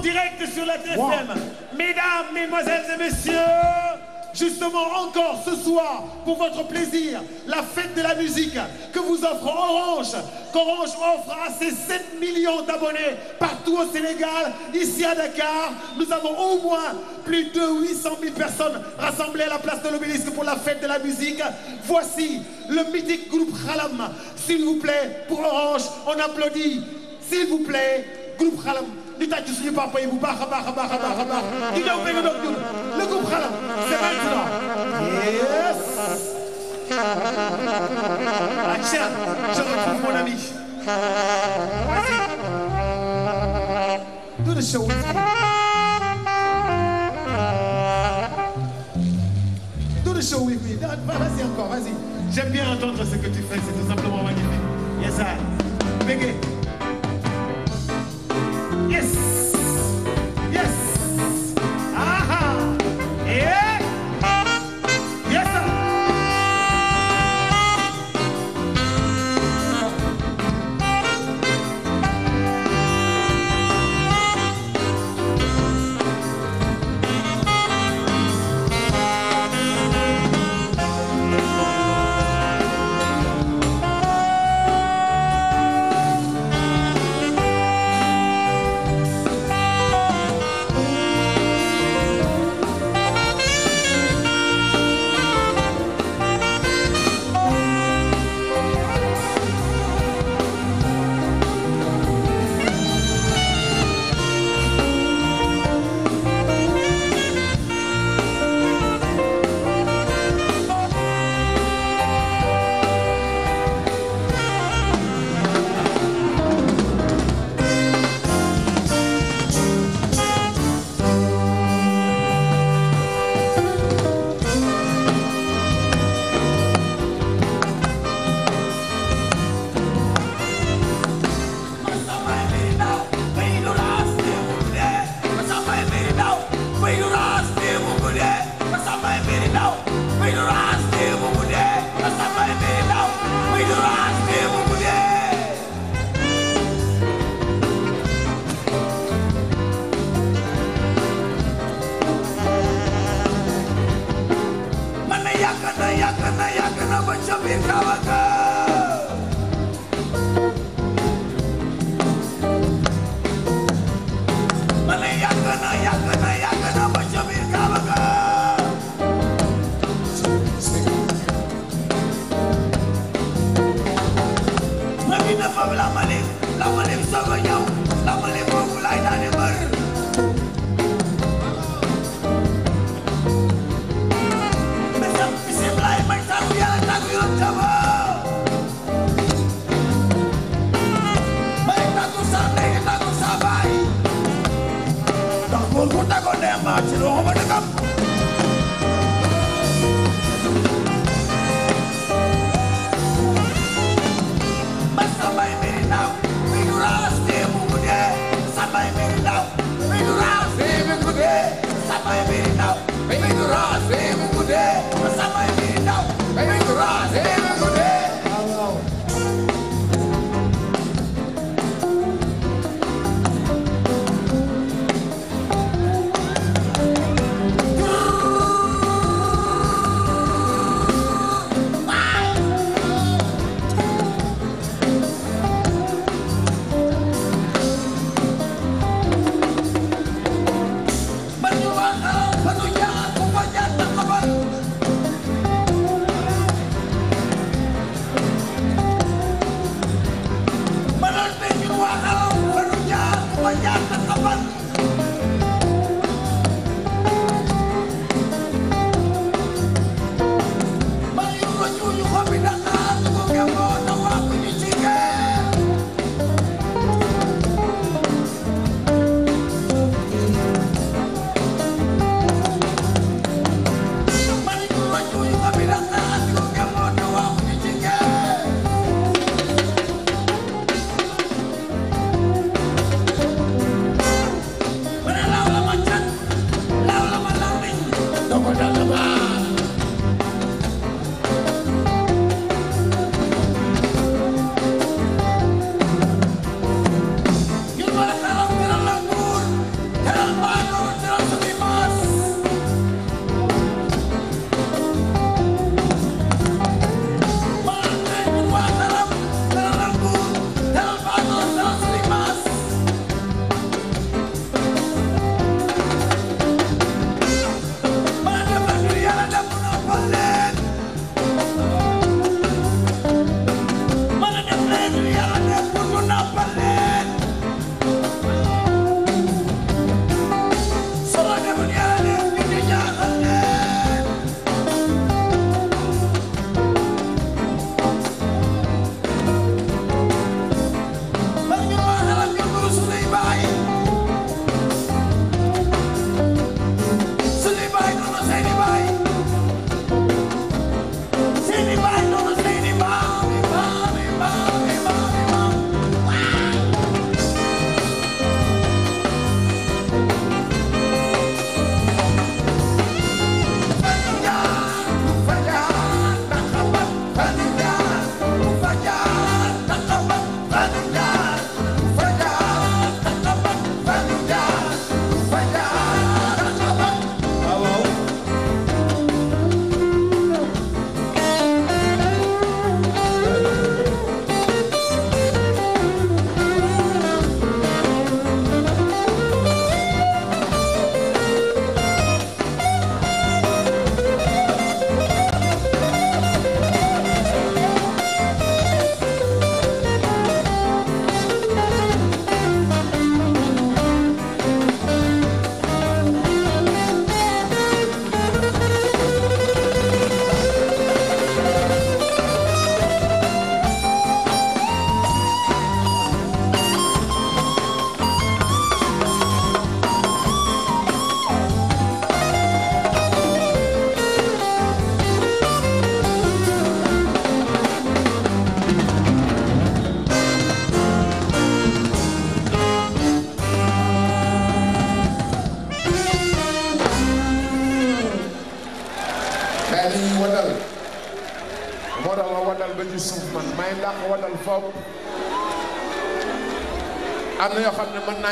direct sur la TFM. Wow. Mesdames, et messieurs, justement encore ce soir, pour votre plaisir, la fête de la musique que vous offre Orange, qu'Orange offre à ses 7 millions d'abonnés partout au Sénégal, ici à Dakar. Nous avons au moins plus de personnes rassemblées à la place de l'Obélisque pour la fête de la musique. Voici le mythique groupe Khalam. S'il vous plaît, pour Orange, on applaudit. S'il vous plaît, groupe Khalam. di tàcc suñu papa yi bu baax a baax a baax a baax a baax di daw bëgg doog ñun le groupe xalam c'est maintenant yes ah tiens je retrouve mon ami vas-y do the show with me do the show with me vas-y encore vas-y j'aime bien entendre ce que tu fais c'est tout simplement magnifique yes sir Yes.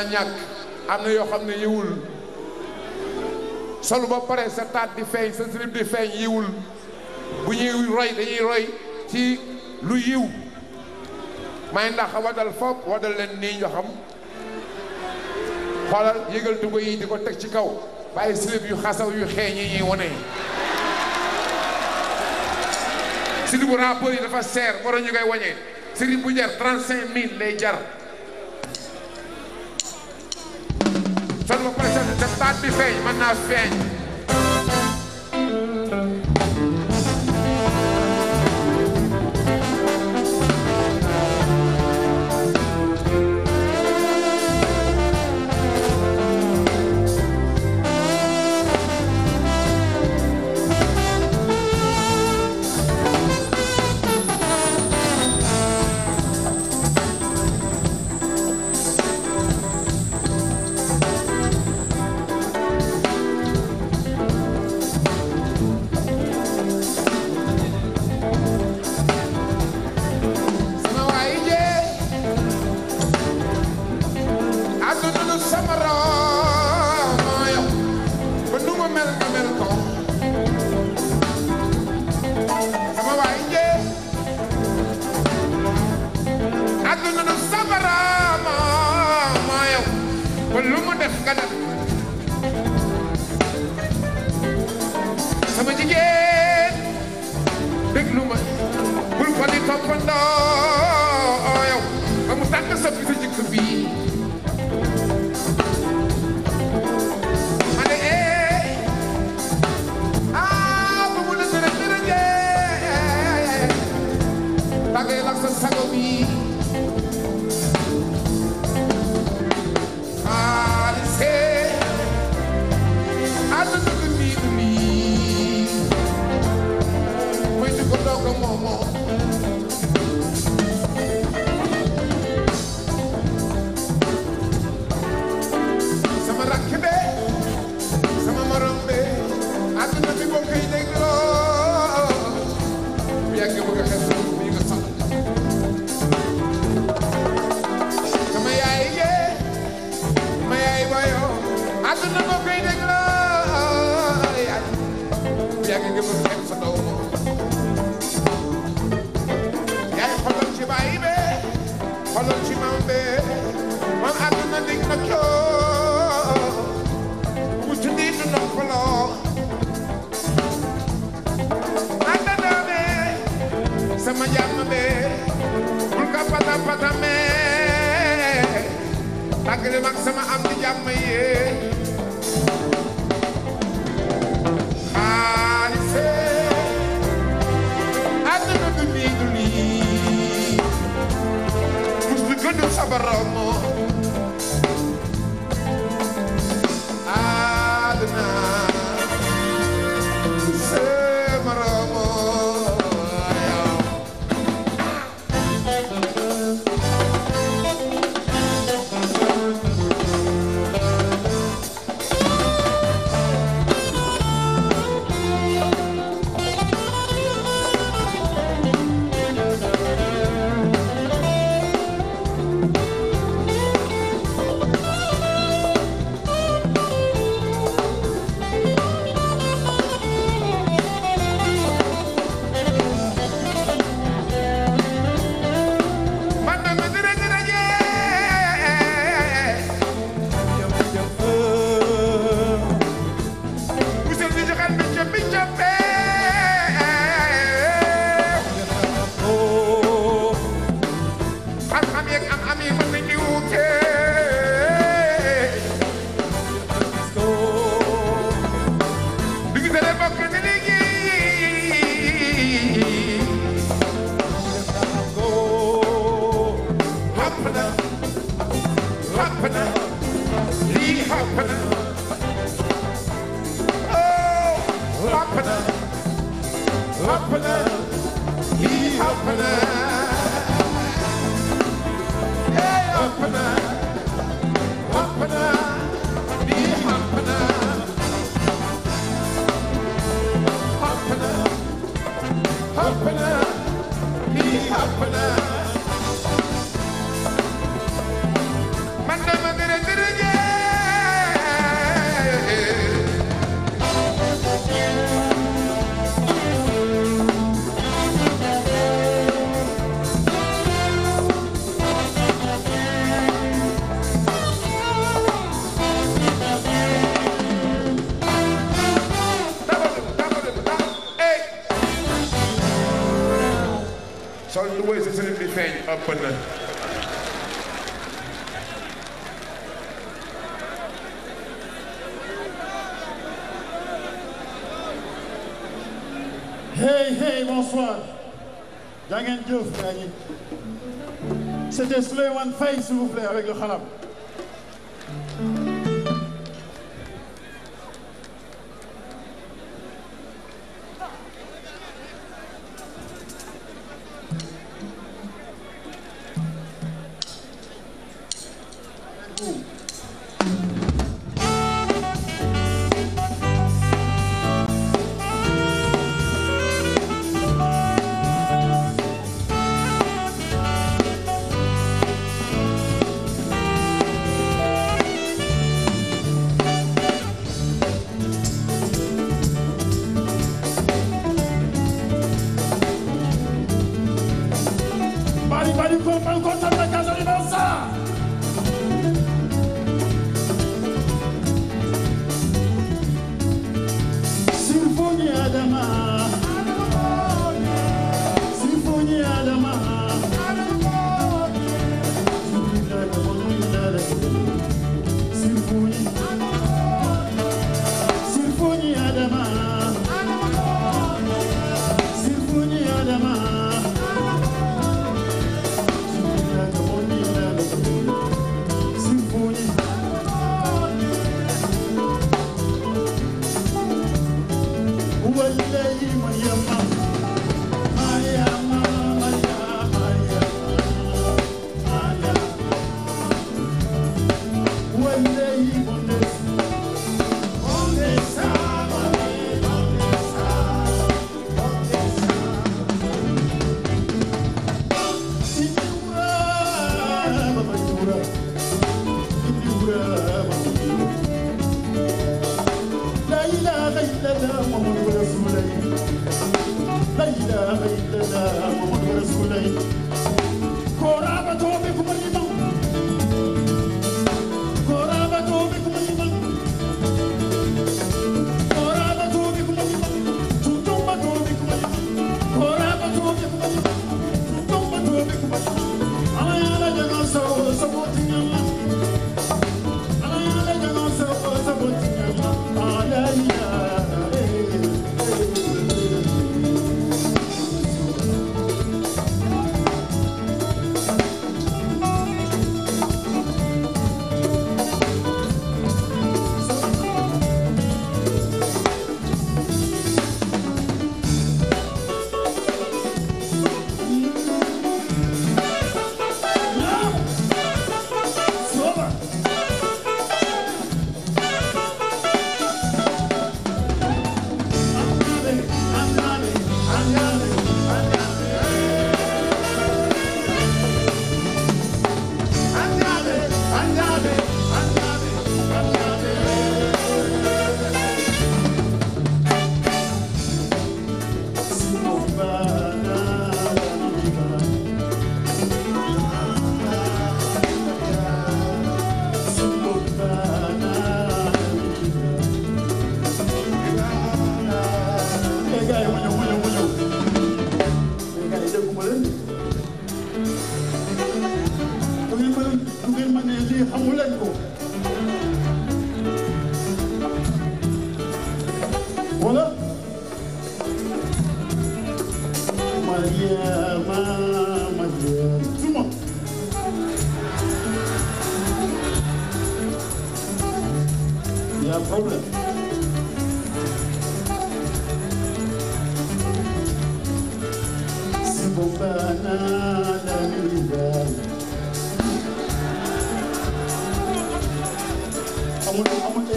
naa ñàkk am na yoo xam ne yiwul solu ba pare sa taat di feeñ sa slip di feeñ yiwul bu ñuy roy dañuy roy ci lu yiw may ndax wadal foog wadal leen nii ñoo xam xoolal yëgal tuba yi di ko teg ci kaw bàyyi slip yu xasaw yu xeeñ yi ñuy wane slip bu rappeur yi dafa seer waroon ñu koy wañee slip bu jar 35000 lay jar bi feeñ mën naa feeñ Barromo happening. League happening. Oh, happening. Happening. League happening. Hey, happening. Happening. League happening. Happening. Happening. League happening. lu woy si sëriñ bi feeñ ëpp na hey hey bonsoir jaa ngeen jëf gaa ñi c'était Souleymane Faye s'il vous plaît avec le xalam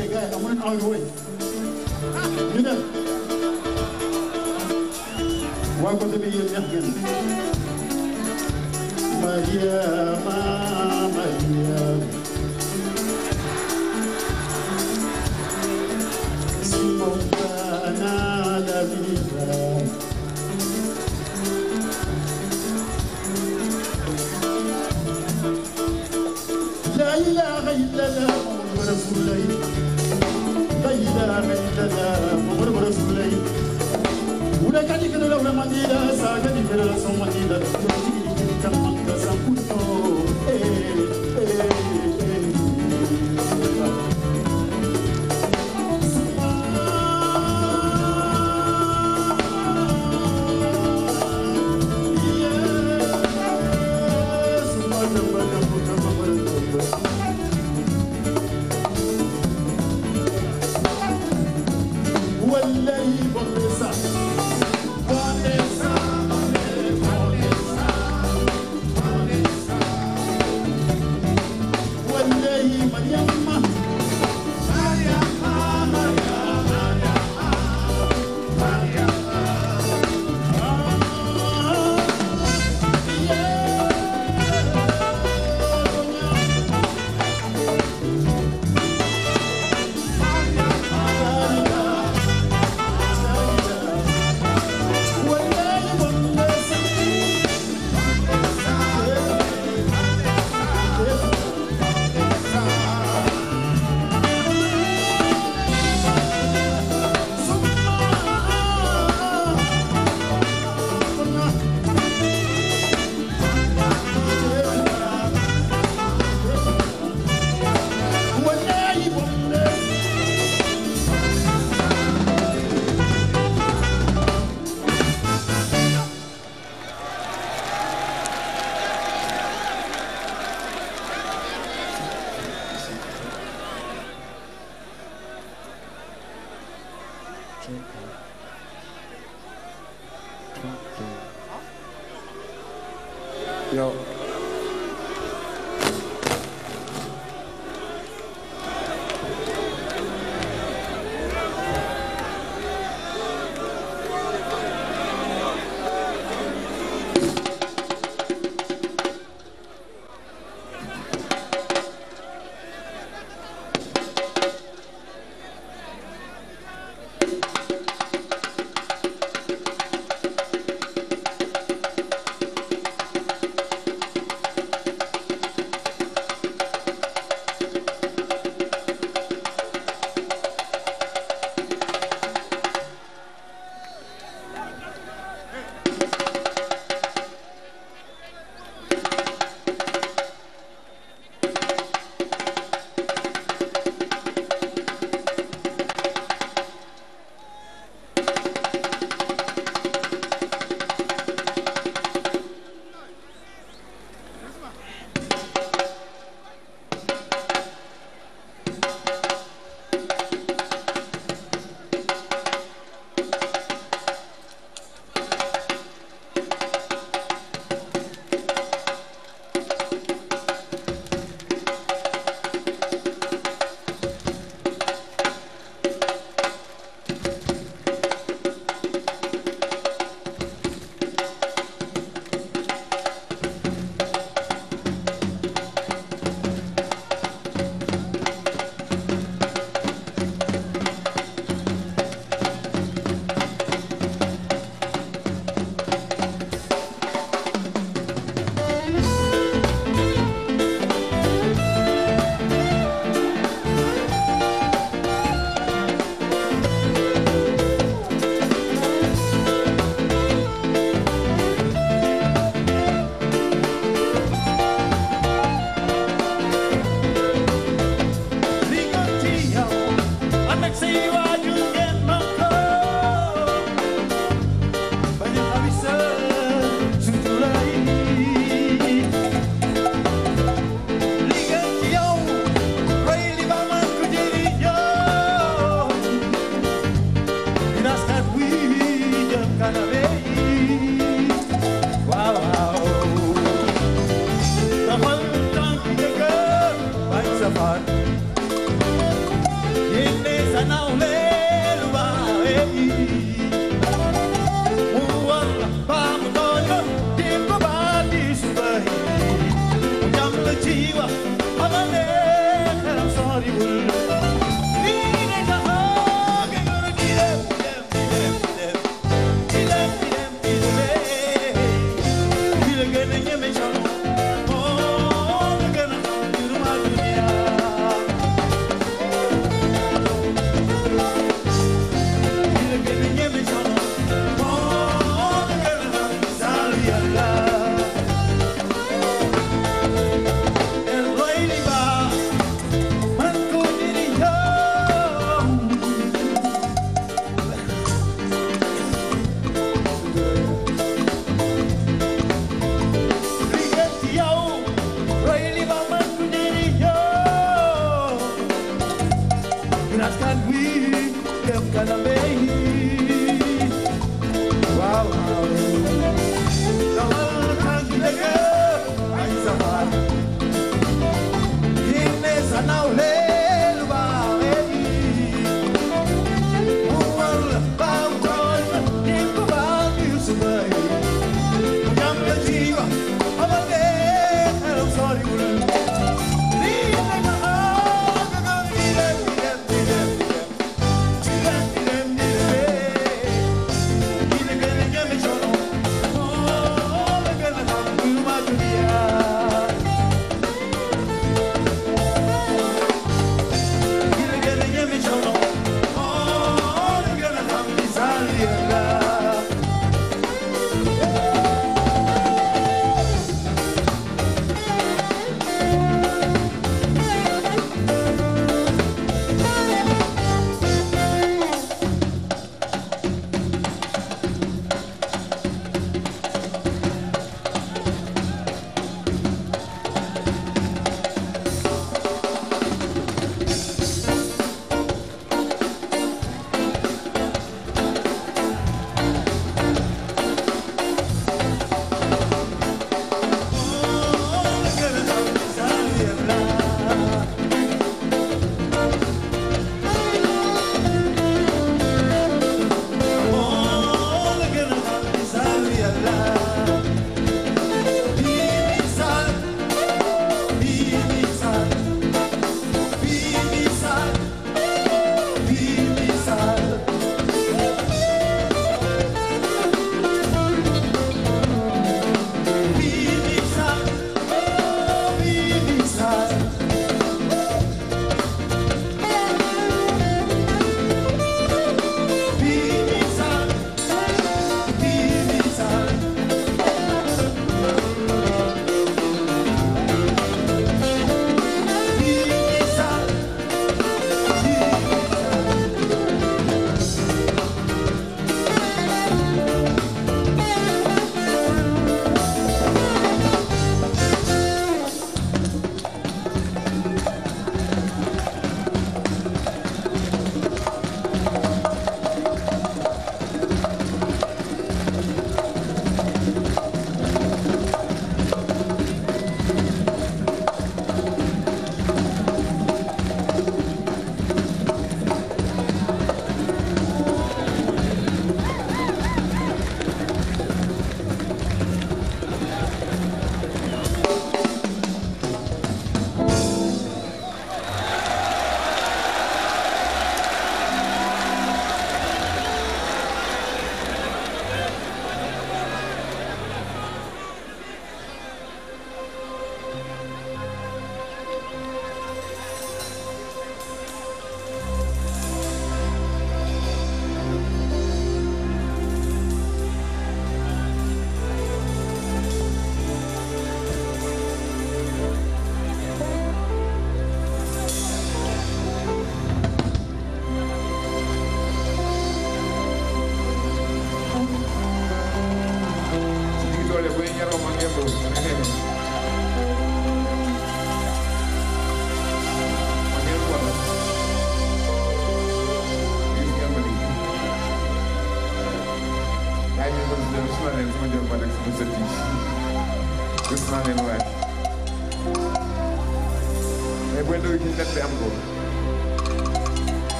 hey gars yi amuñu aw yu wëy ñu def waa côté bi yéen ñax ngeen Mariama Mariama سبحان الله لا إله إلا الله رسول الله دايدا ميتنا محمد رسول الله ولا كان يكره لو ما ديدا ساكن يكره سوما ديدا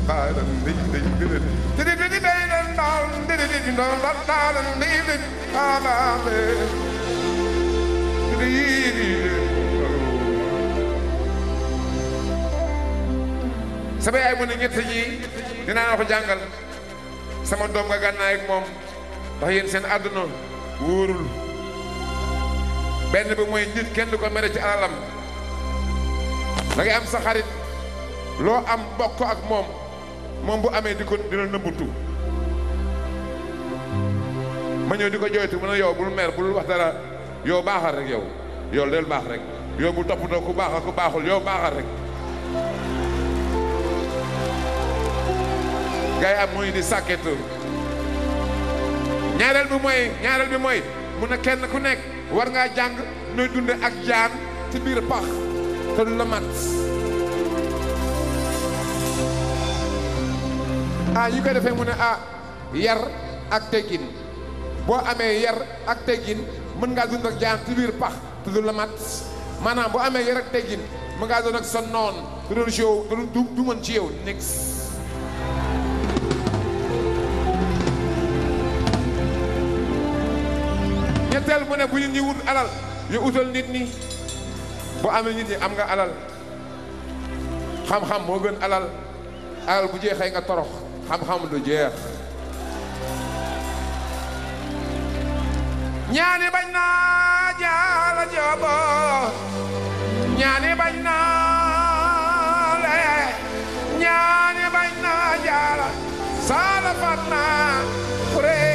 sama yaay mu ne ñett ñi dinaa la ko jàngal sama doom nga gànnaay ak moom ndax yéen seen àdduna wóorul benn bi mooy nit kenn du ko mere ci alalam da ngay am sa xarit loo am bokk ak moom moom bu amee di ko dina nëbbutu ma di ko jooytu mu ne yow bul mer bul wax dara yow baaxal rek yow yow del baax rek yow bu toppatoo ku baax ak ku baaxul yow baaxal rek gars yi am di sàkketu ñaareel bi mooy ñaareel bi mooy mu ne kenn ku nekk war ngaa jàng nooy dunde ak jaan ci biir pax te mat ah ñu koy defee mu ne ah yar ak teggin boo amee yar ak teggin mën ngaa dund ak jaan ci biir pax te du la mat maanaam boo amee yar ak teggin mën ngaa doon ak sa noon te doon ci yow du du mën ci yow nekk. ñetteel mu ne bu nit ñi wut alal yu utal nit ñi boo amee ñu ñi am nga alal xam-xam moo gën alal alal bu jeexee nga torox. xam-xam du ñaani bañ naa jaala joobo ñaani bañ naa lee ñaani bañ naa jaala saala fat naa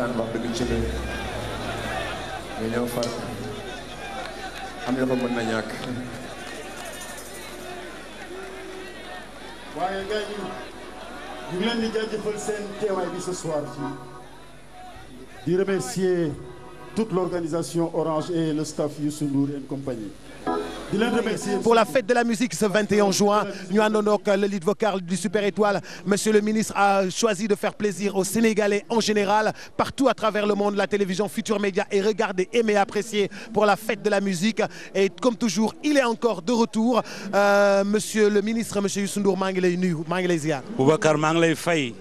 waxtaan wax dëgg na ko na ñàkk waaye gars yi ñu ngi leen di seen teewaay bi ce soir di remercier toute l'organisation Orange et le staff Youssou Ndour et compagnie di leen remercier pour la fête de la musique ce 21 juin ñu àndandoo ak le lead vocal du Super Étoile monsieur le ministre a choisi de faire plaisir aux Sénégalais en général partout à travers le monde la télévision Futur Média est regardée aimée appréciée pour la fête de la musique et comme toujours il est encore de retour euh, monsieur le ministre monsieur Youssou Ndour maa ngi lay nuyu maa ngi lay ziar. Boubacar maa ngi lay fay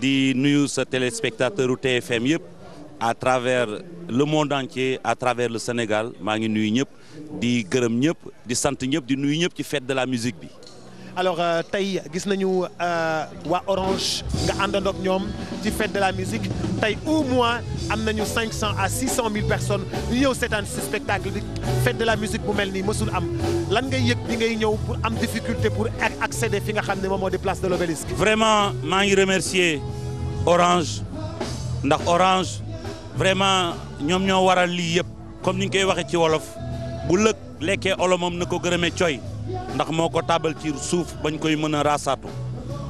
di nuyu sa téléspectateur u TFM yëpp. à travers le monde entier à travers le Sénégal maa ngi nuyu ñëpp di gërëm ñëpp di sant ñëpp di nuyu ñëpp ci fête de la musique bi. alors euh, tey gis nañu euh, waa Orange nga àndandoo ak ñoom ci fête de la musique tey au moins am nañu cinq cent à six cent mille personnes ñu ñëw seetaan si spectacle bi fête de la musique bu mel nii mësul am lan ngay yëg bi ngay ñëw pour am difficulté pour accéder fi nga xam ne moom moo di place de l'obélisque. vraiment maa ngi remercier Orange ndax Orange. vraiment ñoom ñoo waral lii yëpp comme ni ñu koy waxee ci wolof bu lëg lekkee moom na ko gërëmee coy ndax moo ko taabal ci suuf bañ koy mën a raasaatu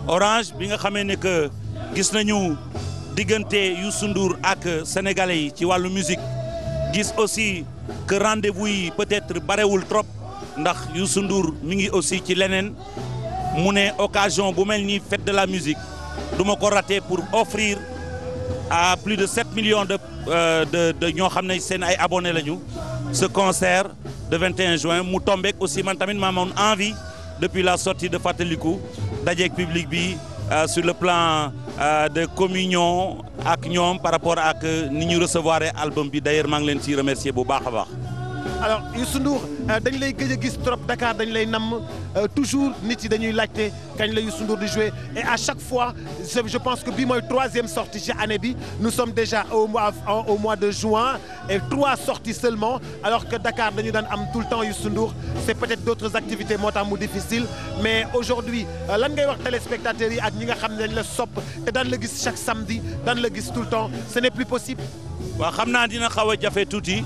orange bi nga xamee ne que gis nañu diggante Youssou Ndour ak sénégalais yi ci wàllu musique gis aussi que rendez yi peut-être barewul trop ndax Youssou Ndour mi ngi aussi ci leneen mu ne occasion bu mel nii fête de la musique duma ko raté pour ofrir à plus de 7 millions de euh, de de ñoo xam ne seen ay abonnés lañu ce concert de 21 juin mu tombeek aussi man tamit ma amoon envie depuis la sortie de Fàttaliku dajeek public bi euh, sur le plan euh, de communion ak ñoom par rapport ak ni ñu recevoir album bi d'ailleurs maa ngi leen ciy remercier bu baax a baax. alors Youssou Ndour euh, dañ lay gëj a gis trop Dakar dañ lay namm euh, toujours nit yi dañuy laajte kañ la Youssou Ndour di jouer et à chaque fois je pense que bii mooy troisième sortie ci bi nous sommes déjà au mois au de juin et trois sorties seulement alors que Dakar dañu daan am tout le temps Youssou Ndour c'est peut-être d'autres activités moo tax mu difficile mais aujourd'hui euh, lan ngay wax téléspectateurs yi ak ñi nga xam ne dañ la sopp te daan la gis chaque samedi daan la gis tout le temps ce n'est plus naa dina xaw a jafe tuuti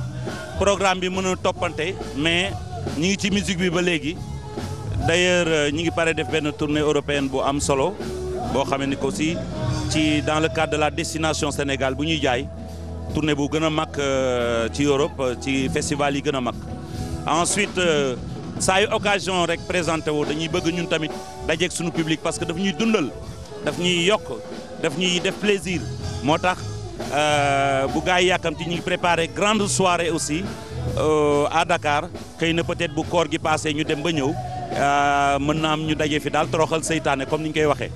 programme bi mën a toppante mais ñi ngi ci musique bi ba léegi d'ailleurs euh, ñi ngi pare def benn tournée européenne bu am solo boo xamee ni ko si ci dans le cadre de la destination Sénégal bu ñuy jaay tournée bu gën a mag euh, ci Europe euh, ci festival yi gën a mag ensuite saa yu occasion rek présenté woo dañuy bëgg ñun tamit dajeeg suñu public parce que daf ñuy dundal daf ñuy yokk daf ñuy def plaisir moo tax Euh, bu gaa yi ñu ngi préparé grande soirée aussi euh, à Dakar xëy na peut-être bu koor gi passé ñu dem ba ñëw euh, mën na am ñu daje fi daal toroxal seytaane comme ni ñu koy waxee.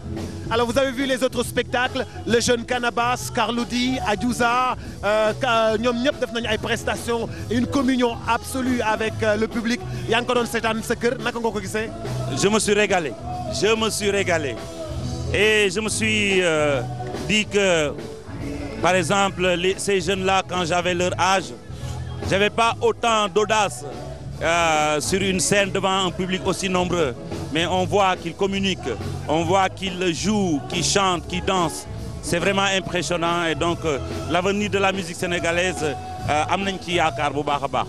Alors vous avez vu les autres spectacles le jeune Canabasse Carludi Adiouza ñoom ñëpp def nañu ay prestations une communion absolue avec le public yaa ngi ko doon seetaan sa kër naka nga ko gisee. Je me suis régalé je me suis régalé et je me suis dit que. Par exemple, les, ces jeunes-là, quand j'avais leur âge, je n'avais pas autant d'audace euh, sur une scène devant un public aussi nombreux. Mais on voit qu'ils communiquent, on voit qu'ils jouent, qu'ils chantent, qu'ils dansent. C'est vraiment impressionnant et donc euh, l'avenir de la musique sénégalaise euh, am nañ ci yaakaar bu baax a baax.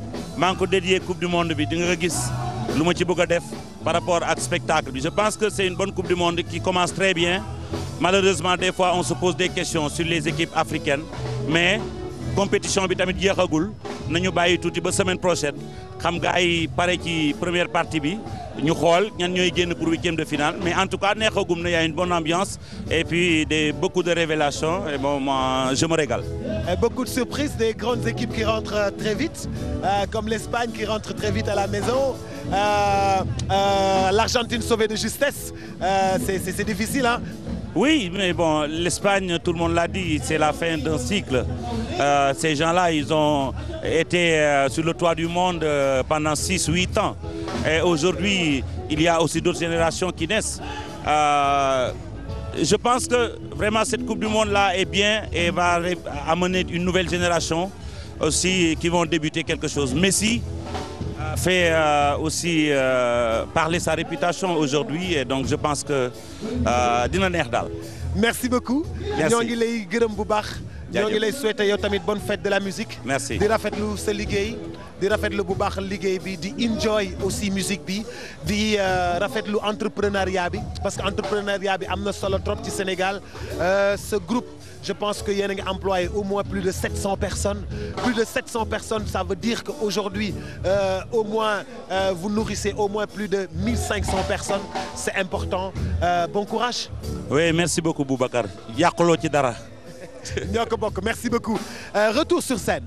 maa ngi ko dédié coupe du monde bi di nga gis lu ma ci bëgg a def par rapport ak spectacle bi je pense que c'est une bonne coupe du monde qui commence très bien malheureusement des fois on se pose des questions sur les équipes africaines mais compétition bi tamit jeexagul nañu bàyyi tuuti ba semaine prochaine xam nga ay pare ci première partie bi ñu xool ñan ñooy génn pour huitième de finale mais en tout cas neexagum na y a une bonne ambiance et puis des beaucoup de révélations et bon je me régale. beaucoup de surprises des grandes équipes qui rentrent euh, très vite euh, comme l'Espagne qui rentre très vite à la maison. Euh, euh, l'Argentine sauvée de justesse, euh, c'est difficile, Oui, mais bon, l'Espagne, tout le monde l'a dit, c'est la fin d'un cycle. Euh, ces gens-là, ils ont été euh, sur le toit du monde euh, pendant 6-8 ans. Et aujourd'hui, il y a aussi d'autres générations qui naissent. Euh, je pense que vraiment cette Coupe du Monde-là est bien et va amener une nouvelle génération aussi qui vont débuter quelque chose. Messi, fait euh, aussi euh, parler sa réputation aujourd'hui et donc je pense que euh, dina neex daal. merci beaucoup. ñoo ngi la gërëm bu baax. ñoo ngi lay souhaiter yow tamit bonne fête de la musique. merci di rafetlu sa liggéey. di rafetlu bu baax liggéey bi di enjoy aussi musique bi di euh, rafetlu entrepreneuriat bi parce que entrepreneuriat bi am na solo trop ci Sénégal euh, ce groupe. je pense que yéen a ngi employé au moins plus de 700 personnes plus de 700 personnes ça veut dire que aujourd'hui euh, au moins euh, vous nourrissez au moins plus de 1500 personnes c'est important euh, bon courage oui merci beaucoup Boubacar yàquloo ci dara ñoo bokk merci beaucoup euh, retour sur scène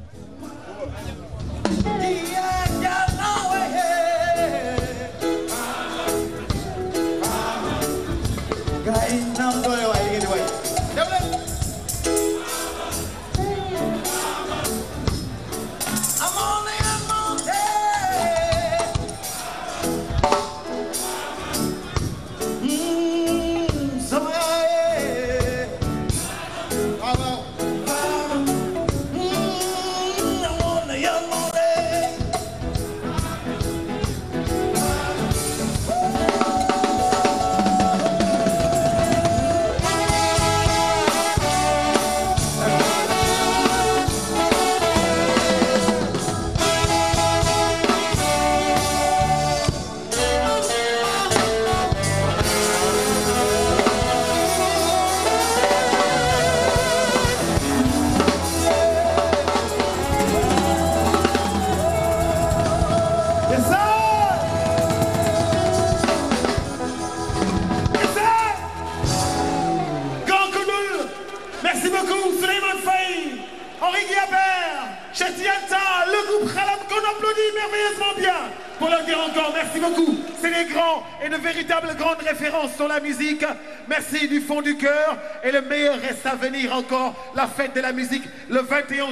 le meilleur reste à venir encore, la fête de la musique, le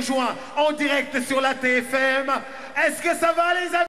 juin, en direct sur la TFM. Est-ce que ça va